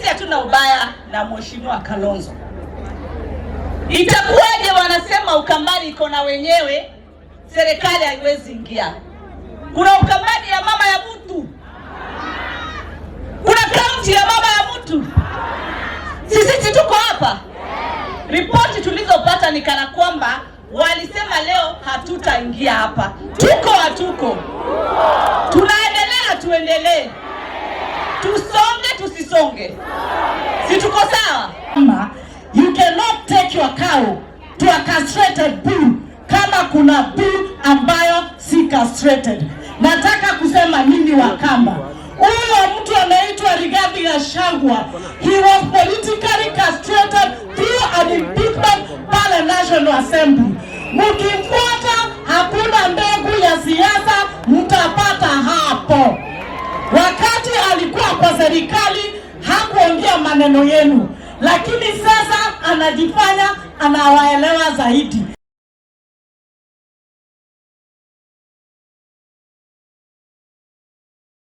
sisi hatuna ubaya na mheshimiwa Kalonzo. Itakuwaje wanasema Ukambani iko na wenyewe, serikali haiwezi ingia? Kuna Ukambani ya mama ya mtu? Kuna kaunti ya mama ya mtu? Sisi tuko hapa. Ripoti tulizopata ni kana kwamba walisema leo hatutaingia hapa. Tuko hatuko, tunaendelea, tuendelee tuso msonge, si tuko sawa? You cannot take your cow to a castrated bull kama kuna bull ambayo si castrated. Nataka kusema nini wa kamba Huyo mtu anaitwa Rigathi Gachagua, he was politically castrated through an impeachment pale National Assembly. Mkimfuata hakuna mbegu ya siasa mtapata hapo. Wakati alikuwa kwa serikali hakuongea maneno yenu, lakini sasa anajifanya anawaelewa zaidi.